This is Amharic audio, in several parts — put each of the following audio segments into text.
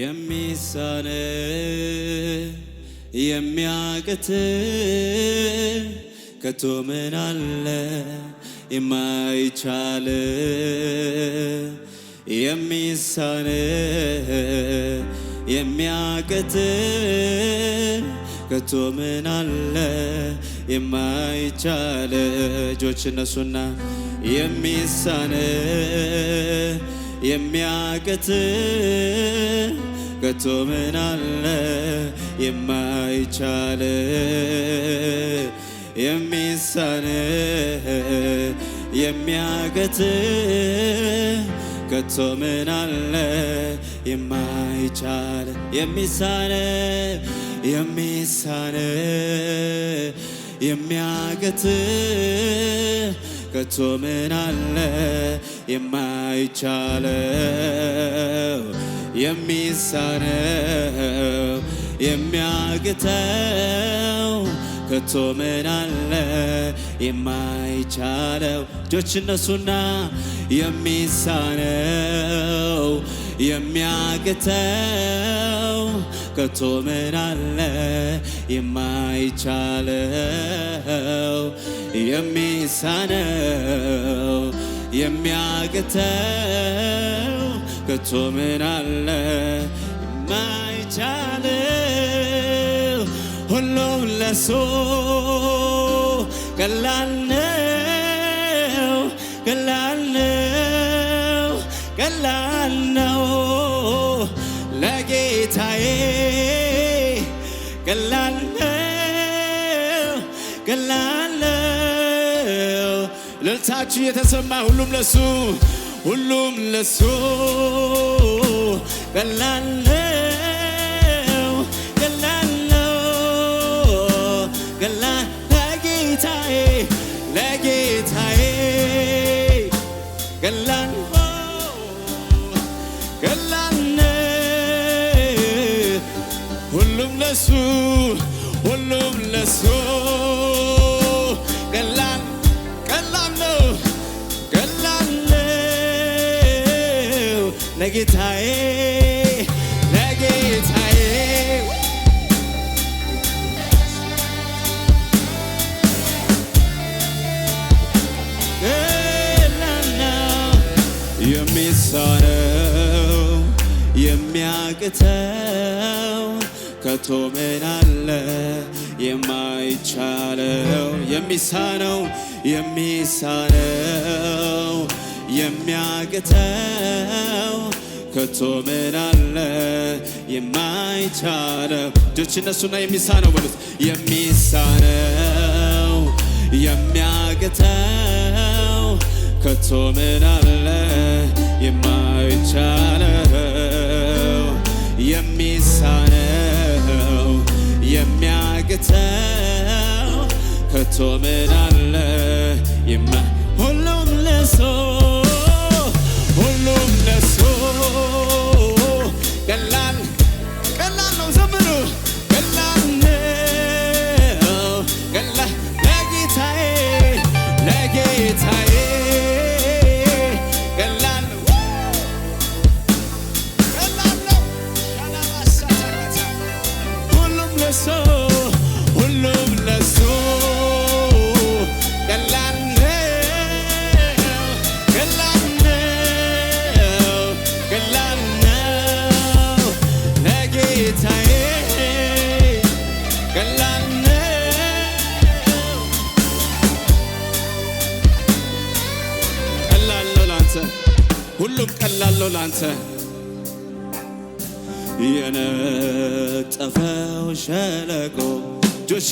የሚሳነ የሚያቅት ከቶ ምን አለ የማይቻል የሚሳነ የሚያቅት ከቶ ምን አለ የማይቻል እጆች እነሱና የሚሳነ የሚያቅት ከቶ ምን አለ የማይቻል የሚሳን የሚያቅት ከቶ ምን አለ የማይቻል የሚሳን የሚሳን የሚያቅት ከቶ ምን አለ የማይቻለው የሚሳነው የሚያግተው ከቶ ምን አለ የማይቻለው እጆች እነሱና የሚሳነው የሚያግተው ከቶ ምን አለ የማይቻለው የሚሳነው የሚያቅተው ከቶ ምን አለ የማይቻለው ሁሉም ለሱ ቀላል ነው ቀላል ነው ቀላል ነው ለጌታዬ ቀላል ነው ቀላል ነው ልልታችሁ የተሰማ ሁሉም ለሱ ሁሉም ለሱ ቀላል ነው ቀላል ለጌታዬ ለጌታዬ ቀላል ሁሉም ለሱ ሁሉም ለሱ ነው የሚያቅተው ከቶ ምን አለ የማይቻለው የሚሳነው የሚሳነው የሚያቅተው ከቶ ምን አለ የማይቻለው እጆች እነሱና የሚሳነው በሉት የሚሳነው የሚያቅተው ከቶ ምን የማይቻለው የሚሳነው የሚያግተው ከቶ ምን አለ ሁሉም ለሱ ሁሉም ለሱ ቀላል ቀላል ነው ዘምሩ ቀላል ነው ቀላል ለጌታዬ ለጌታ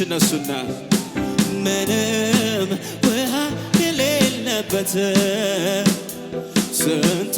እጅ ነሱና ምንም ውሃ የሌለበት ስንቱ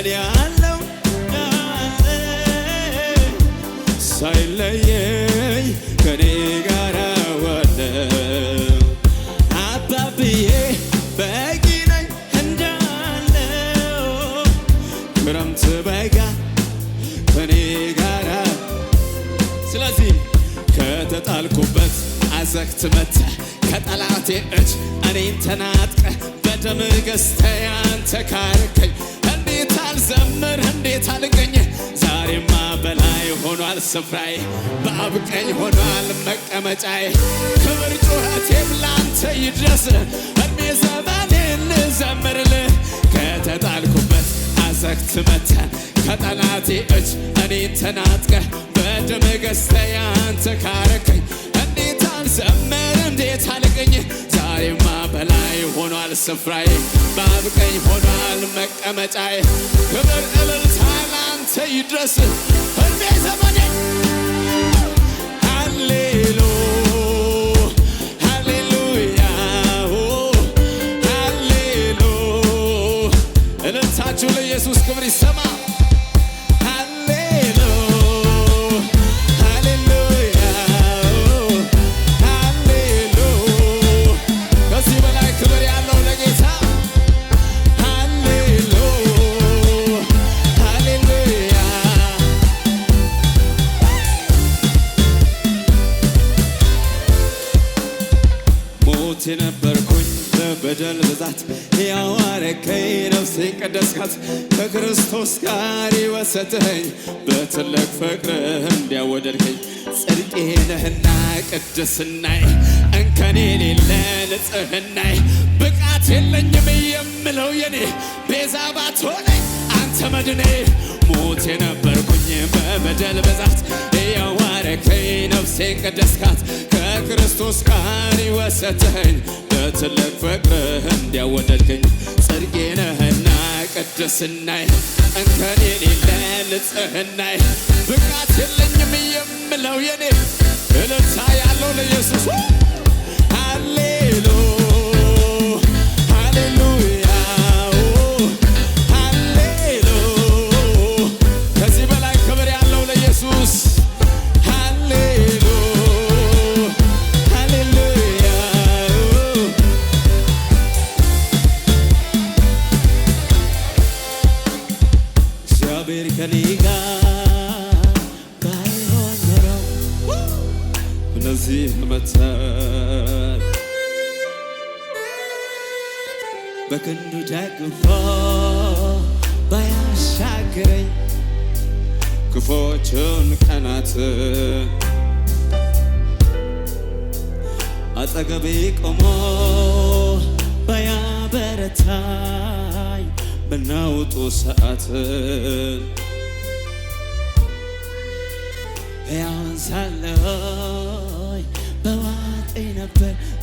እኔ ያለው ሳይለየኝ ከኔ ጋር ዋለ አባብዬ በቂ ነኝ እንዳለው ክረምት በጋ ከኔ ጋር ስለዚህ ከተጣልኩበት አዘቅት መተ ከጠላቴ እጅ እኔን ተናጥቀ በደም ገዝተ ያንተ ካርከኝ በቤት አልገኘ ዛሬማ በላይ ሆኗል ስፍራዬ በአብ ቀኝ ሆኗል መቀመጫዬ። ክብር ጩኸቴም ላንተ ይድረስ እድሜ ዘመኔን ልዘምርልህ። ከተጣልኩበት አዘቅት መተህ ከጠላቴ እጅ እኔን ተናጥቀ በደም ገዝተህ አንተ ካረከኝ እንዴት አልዘም በላይ ሆኗል ስፍራዬ፣ በአብ ሆኗል መቀመጫዬ። ክብር እልልታ ላንተ ይድረስ እድሜ ዘመኔ። ሃሌሉ ሃሌሉያ ሃሌሉ። እልልታችሁ ለኢየሱስ ክብር ይሰማ ሟች ነበርኩኝ በበደል ብዛት ሕያው አረከኝ ነፍሴን ቀደስካት ከክርስቶስ ጋር ወሰድኸኝ በትልቅ ፍቅርህ እንዲያወደድከኝ ጽድቄ ነህና ቅድስናይ እንከኔ የሌለ ንጽህናይ ብቃት የለኝም የምለው የኔ ቤዛ ባትሆነኝ አንተ መድኔ ሞት የነበርኩኝ በበደል ብዛት ሕያው ነፍሴን ቀደስካት ለክርስቶስ ጋር ይወሰተኝ በትልቅ ፍቅርህ እንዲያወደድከኝ ጽድቄ ነህና ቅድስናይ እንከን የሌለ ንጽህናይ ብቃት የለኝም የምለው የኔ እልልታ ያለው ለኢየሱስ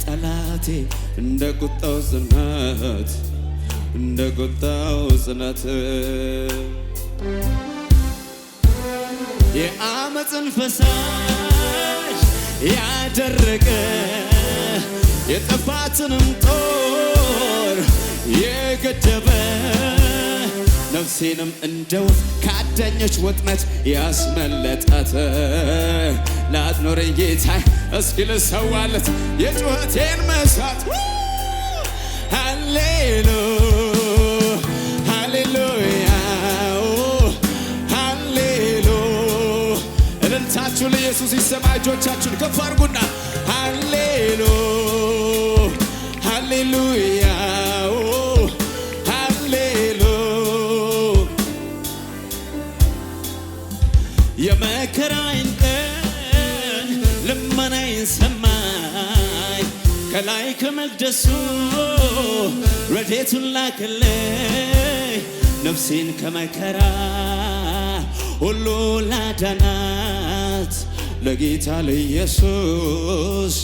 ጠላቴ እንደ ቁጣው ጽናት እንደ ቁጣው ጽናት የአመፅን ፈሳሽ ያደረገ የጥፋትንም ጦር የገደበ ነፍሴንም እንደው ወፍ ከአዳኞች ወጥመድ ያስመለጣት ላትኖረኝ ጌታዬ እስኪ ልሰዋለት የጩኸቴን መስዋዕት ሃሌሉ ሃሌሉያ ሃሌሉ እልልታችሁ ለኢየሱስ ይሰማ። እጆቻችሁን ከፍ አድርጉና ሃሌሉ ሃሌሉያ ሃሌሉ የመከራዬን ልመናዬን ሰማኝ ከላይ ከመቅደሱ ረድኤቱን ላክልኝ ነፍሴን ከመከራ ሁሉ ላዳናት ለጌታ ለኢየሱስ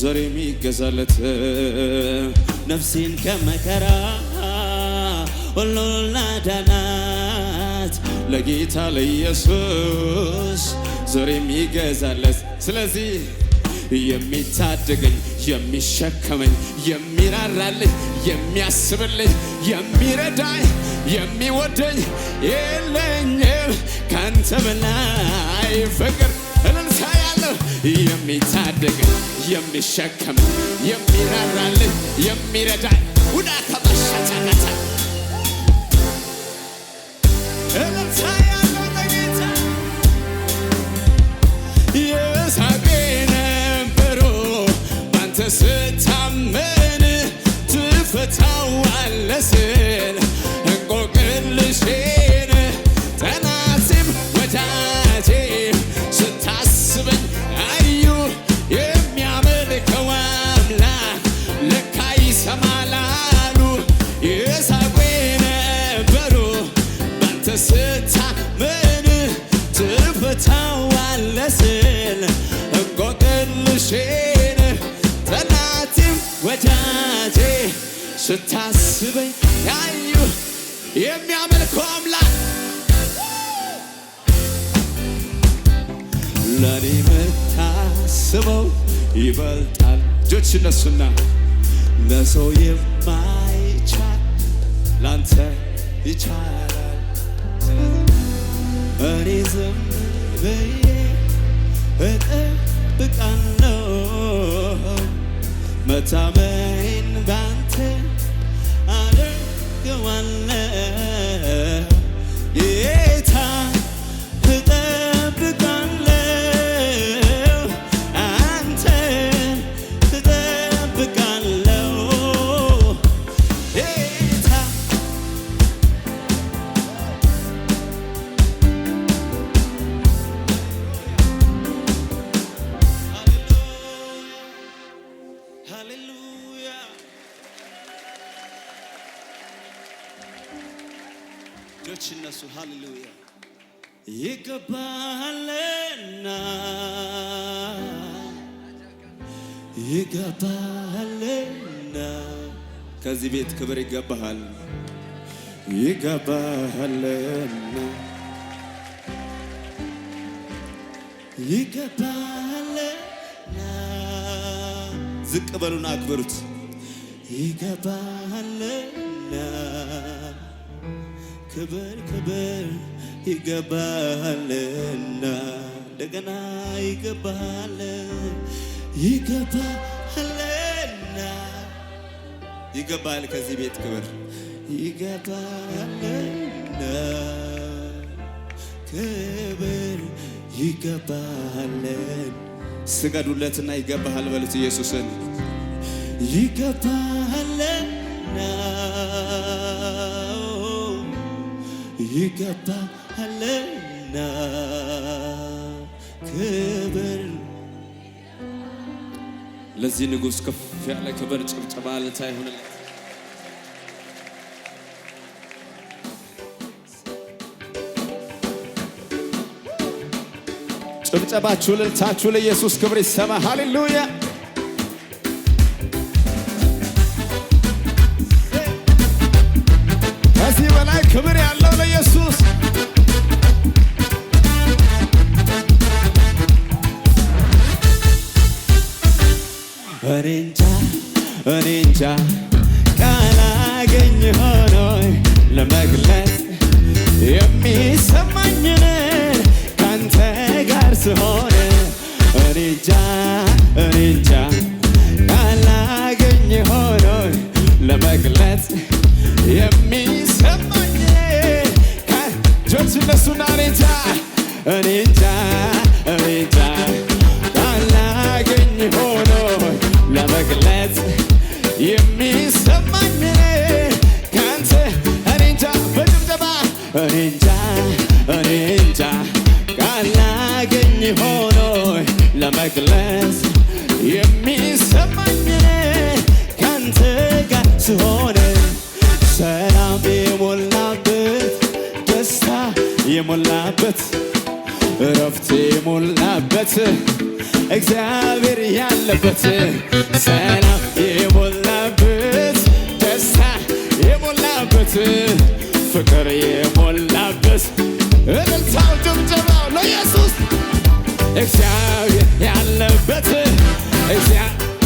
ዘር የሚገዛለት ነፍሴን ከመከራ ሁሉ ላዳናት ለጌታ ለኢየሱስ ዘሬ የሚገዛለት ስለዚህ የሚታደገኝ የሚሸከመኝ የሚራራልኝ የሚያስብልኝ የሚረዳኝ የሚወደኝ የለኝም ካንተ በላይ ፍቅር እልልሳ ያለው የሚታደገኝ የሚሸከመኝ የሚራራልኝ የሚረዳኝ ውዳታ ሳስበው ይበልጣል። እጆች እነሱና ለሰው የማይቻል ላንተ ይቻላል። እኔ ዝም ብዬ እጠብቃለሁ መታመኔን ባንተ አደርገዋለሁ ሌሎች እነሱ ሃሌሉያ ይገባልና ይገባልና ከዚህ ቤት ክብር ይገባሃል። ይገባልና ይገባልና ዝቅ በሉና አክብሩት ክብር ክብር ይገባልና እንደገና ይገባል ይገባልና ይገባል ከዚህ ቤት ክብር ይገባልና ክብር ይገባለን ስገዱለትና ይገባሃል በሉት ኢየሱስን ይገባልና ይገባሃልና ክብር። ለዚህ ንጉሥ ከፍ ያለ ክብር ጭብጨባ ለታ ይሁንለት። ጭብጨባችሁ፣ ልልታችሁ ለኢየሱስ ክብር ይሰማ። ሃሌሉያ ብቻ ቃል ሆኖ ለመግለጽ የሚሰማኝን ካንተ ጋር ስሆን እኔ እንጃ እኔ እንጃ ቃል ሆኖ ለመግለጽ የሚሰማኝ ጆች እነሱና እንጃ እንጃ እንጃ ቃል ሆኖ ለመግለጽ የሚሰማኝ ከአንተ እኔ እንጃ በድብደባ እኔ እንጃ እኔ እንጃ ላገኝ ሆኖ ለመግለጽ የሚሰማኝ ከአንተ ጋር ስሆን ሰላም የሞላበት ደስታ የሞላበት እረፍት የሞላበት እግዚአብሔር ያለበት ሰላም የሞላ ቤት ፍቅር የሞላበት እልልታው ጭብጨባው ለኢየሱስ እግዚአብሔር ያለበት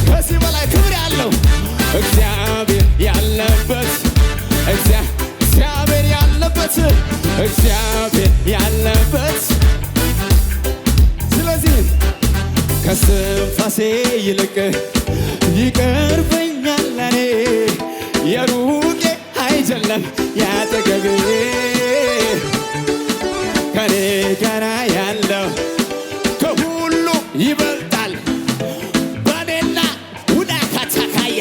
ከዚህ በላይ ክብር ያለው እግዚአብሔር ያለበት እግዚአብሔር ያለበት እግዚአብሔር ያለበት ስለዚህ ከስንፋሴ ይልቅ ይቅርበኛል ለኔ የሩ የለም ያጠገቤ ከኔ ጋራ ያለው ከሁሉ ይበልጣል ባኔና ሁዳካቻካያ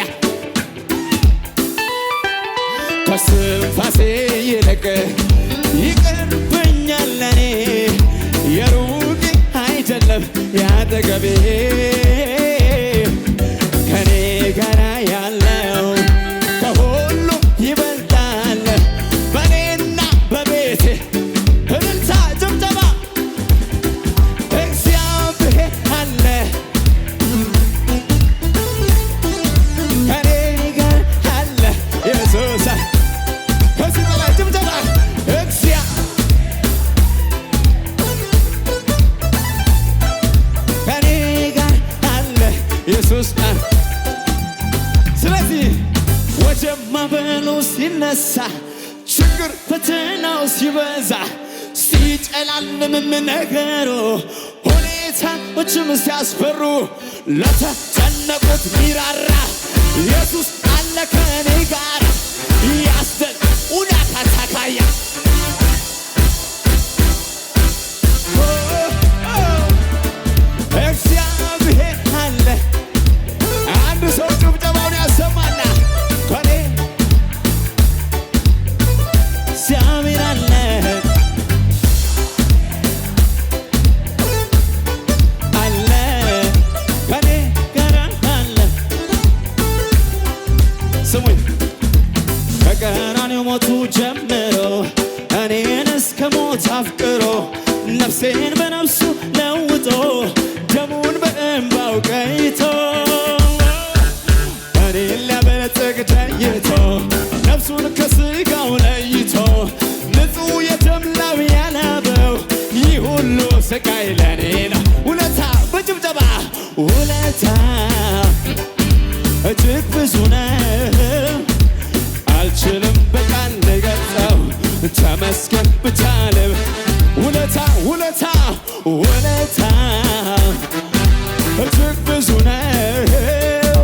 ከስንፋሴ ይልቅ ይቅርብኛል ለኔ የሩቅ አይደለም ያጠገቤ ተመስገን ብቻልም ውለታ ውለታ ውለታ እጅግ ብዙ ነው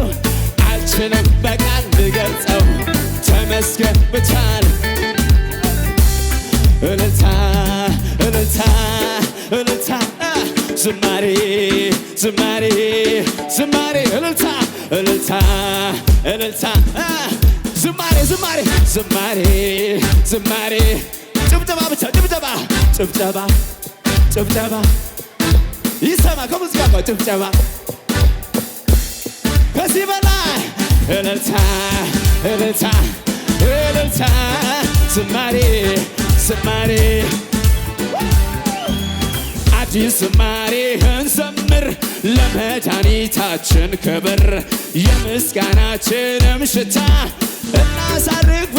አልችልም በቃል ልገልጸው ተመስገን ብቻልም እልልታ እልልታ እልልታ ዝማሬ ዝማሬ ዝማሬ እልልታ ዝማሬ ዝማሬ ጭብጨባ ብቻ ጭብጨባ ጭብጨባ ጭብጨባ ይሰማ ከሙዚቃ ጋር ጭብጨባ ከዚህ በላይ እልልታ እልልታ እልልታ ዝማሬ ዝማሬ አዲስ ዝማሬህን ዘምር ለመድኃኒታችን ክብር የምስጋናችንም ሽታ አሳርፍ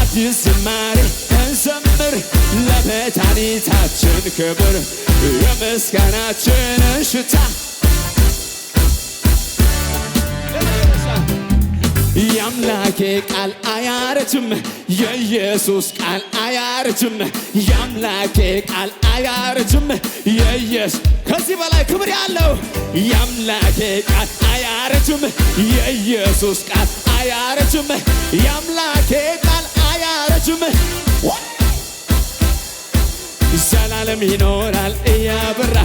አዲስ ዝማሬ እንዘምር ለመድኃኒታችን ክብር የምስጋናችን ሽታ የአምላኬ ቃል አያረጅም፣ የኢየሱስ ቃል አያረጅም፣ የአምላኬ ቃል አያረጅም። የኢየሱስ ከዚህ በላይ ክብር ያለው የአምላኬ ቃል አያረጅም፣ የኢየሱስ ቃል አያረጅም፣ የአምላኬ ቃል አያረጅም። ዘላለም ይኖራል እያበራ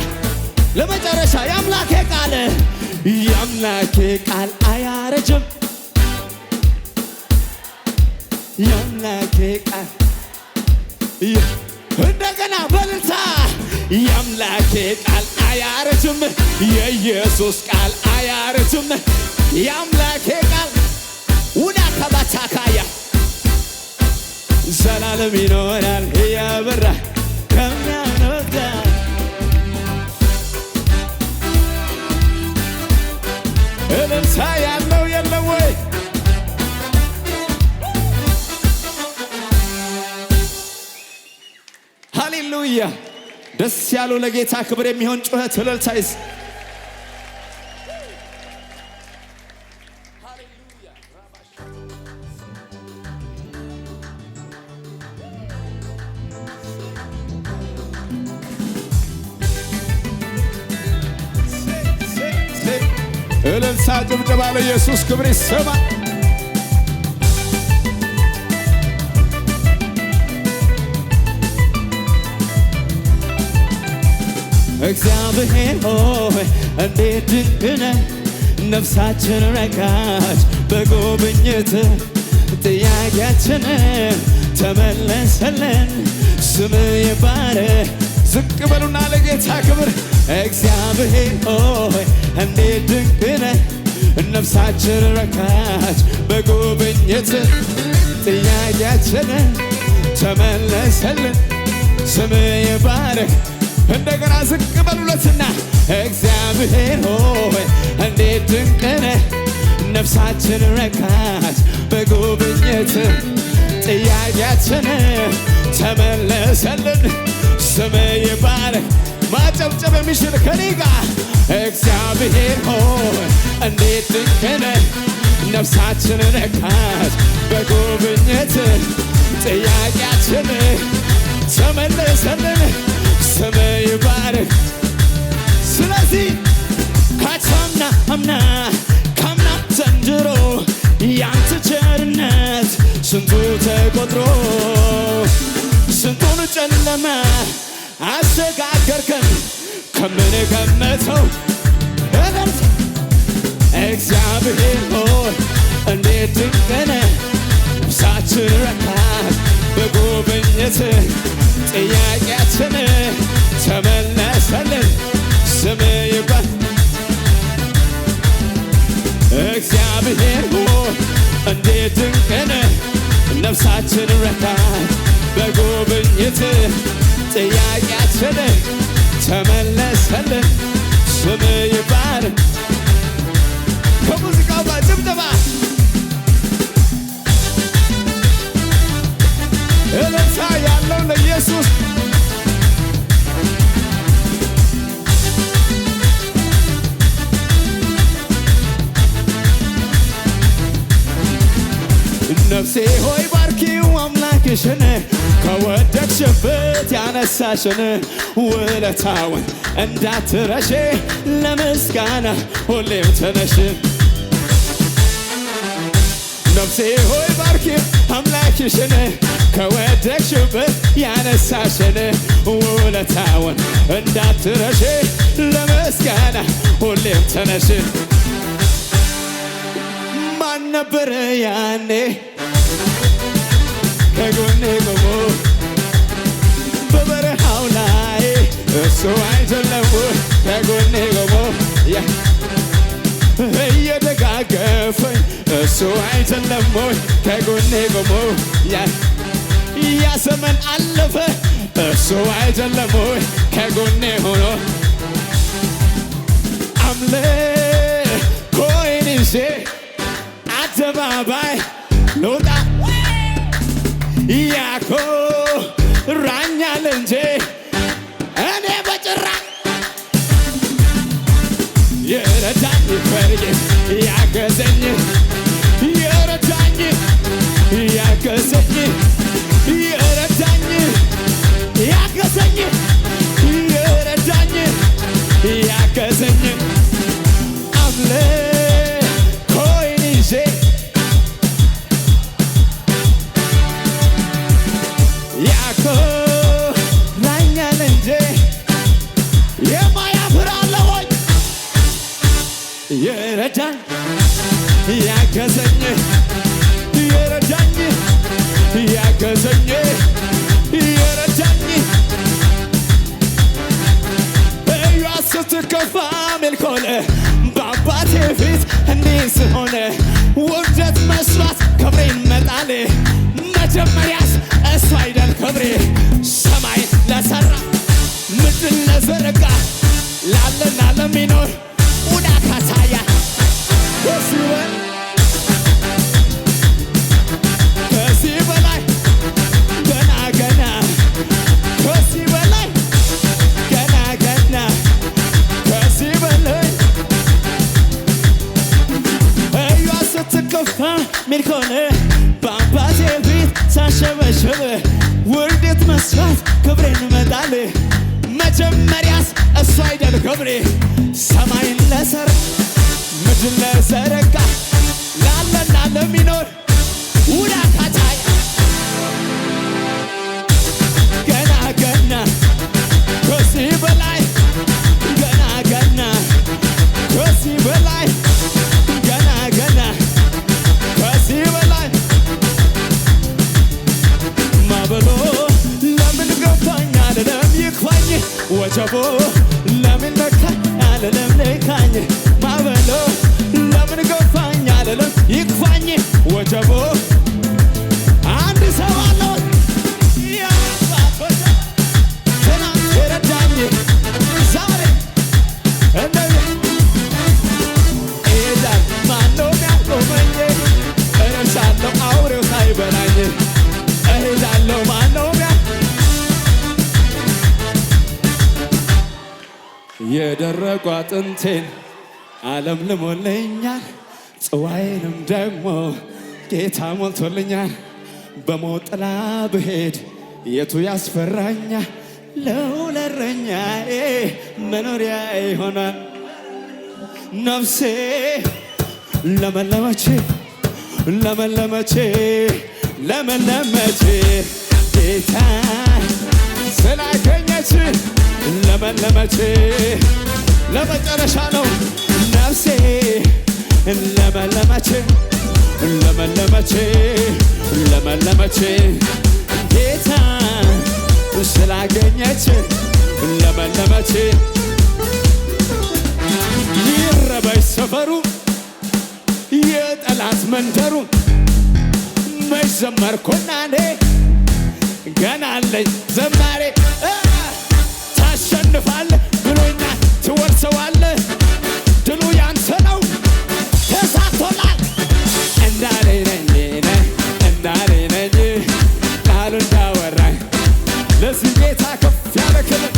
ለመጨረሻ የአምላኬ ቃል የአምላኬ ቃል አያረጅም የአምላኬ ቃል እንደገና በልልታ የአምላኬ ቃል አያረጅም፣ የኢየሱስ ቃል አያረጅም። የአምላኬ ቃል ውዳ ከባቻካያ ዘላለም ይኖራል እያበራ ከሚያኖዳ እልልታ ሃሌሉያ! ደስ ያለው ለጌታ ክብር የሚሆን ጩኸት እልልታይስ እልልታ ጭብጨባ ለኢየሱስ ክብር ይሰማል። እግዚአብሔር ሆይ እንዴት ድንቅነ ነፍሳችን ረካች በጎብኝት ጥያቄያችን ተመለሰልን ስም የባረ ዝቅ በሉና ለጌታ ክብር እግዚአብሔር ሆይ እንዴት ድንቅነ ነፍሳችን ረካች በጎብኝት ጥያቄያችን ተመለሰልን ስም የባረክ እንደገና ዝቅ በሉለትና እግዚአብሔር ሆይ እንዴት ድንቅ ነህ፣ ነፍሳችን ረካች በጉብኝት ጥያቄያችን ተመለሰልን። ስም ይባረክ። ማጨብጨብ የሚችል ከኔ ጋር እግዚአብሔር ሆይ እንዴት ድንቅ ነህ፣ ነፍሳችን ረካች በጉብኝት ጥያቄያችን ተመለሰልን ስም ይባረክ። ስለዚህ ካቻምና አምና ካምና ዘንድሮ ያንተ ቸርነት ስንቱ ተቆጥሮ ስንቱን ጨለማ አሸጋገርከን ከምን ገመተው እግዚአብሔር ሆይ እንዴት ድንቅ ነህ ብዛችን ረካት በጎብኝትህ ጥያቄያችን ተመለሰልን። ስም ይባል እግዚአብሔር እንዴት ድንቅ ነህ! ነፍሳችን ረካን በጉብኝት ጥያቄያችን ተመለሰልን። ስም ይባል ከሙዚቃው ጭብጨባ እልልታ ያለው ለኢየሱስ ነፍሴ ሆይ ባርኪው አምላክሽን ከወደቅሽበት ያነሳሽን ውለታውን እንዳትረሽ ለምስጋና ሁሌም ተነሽ። ነፍሴ ሆይ ባርኪው አምላክሽን ከወደቅሽበት ያነሳሽን ውለታውን እንዳትረሽ ለመስጋና ሁሌም ተነሽ። ማን ነበረ ያኔ ከጎኔ ቆሞ በበረሃው ላይ እሱ አይደለም ከጎኔ ቆሞ እየደጋገፈኝ እሱ አይደለም ከጎኔ ቆሞ ያ ዘመን አለፈ። እሱ አይደለም ወይ ከጎኔ ሆኖ አምልኮዬን ይዤ አደባባይ ልውጣ ያኮራኛል እንጂ እኔ በጭራ የረዳኝ ፈርጅ ያገዘኝ የረዳኝ ያገዘኝ И эротяне, я казани ሆነ በአባቴ ፊት እንዲ ስሆነ ውርደት መስራት ክብሬን መጣሌ መጀመሪያስ እሱ አይደል ክብሬ ሰማይ ለሰራ ምድር ለዘረጋ ላለና ለሚኖር tchau eu ለምልሞልኛ ጽዋዬንም ደግሞ ጌታ ሞልቶልኛ በሞት ብሄድ የቱ ያስፈራኛ ለውለረኛዬ መኖሪያ ይሆናል። ነፍሴ ለመለመቼ ለመለመቼ ለመለመቼ ጌታ ስላገኘች ለመለመቼ ለመጨረሻ ነው ነፍሴ ለመለመች ለመለመች ለመለመች ጌታ ስላገኘች ለመለመች ይረበች ሰፈሩ የጠላት መንደሩ መች ዘመርኩና እኔ ገና አለኝ ዘማሬ ታሸንፋለህ ብሎኛል ትወርሰዋለህ። ድሉ ያንተ ነው። ተሳቶላል እንዳኔ ነኝ ቃሉ እንዳወራኝ ለዚህ ጌታ ከፍ ያለ ክብር